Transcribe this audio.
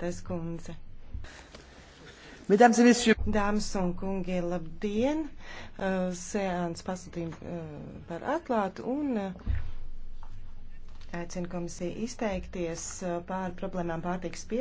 Priekšsēdētājs kundze. Dāmas un kungi, labdien! Uh, Sēāns pasūtīja uh, par atklātu un uh, aicina komisiju izteikties uh, pār problēmām pārtiks piegādājumā.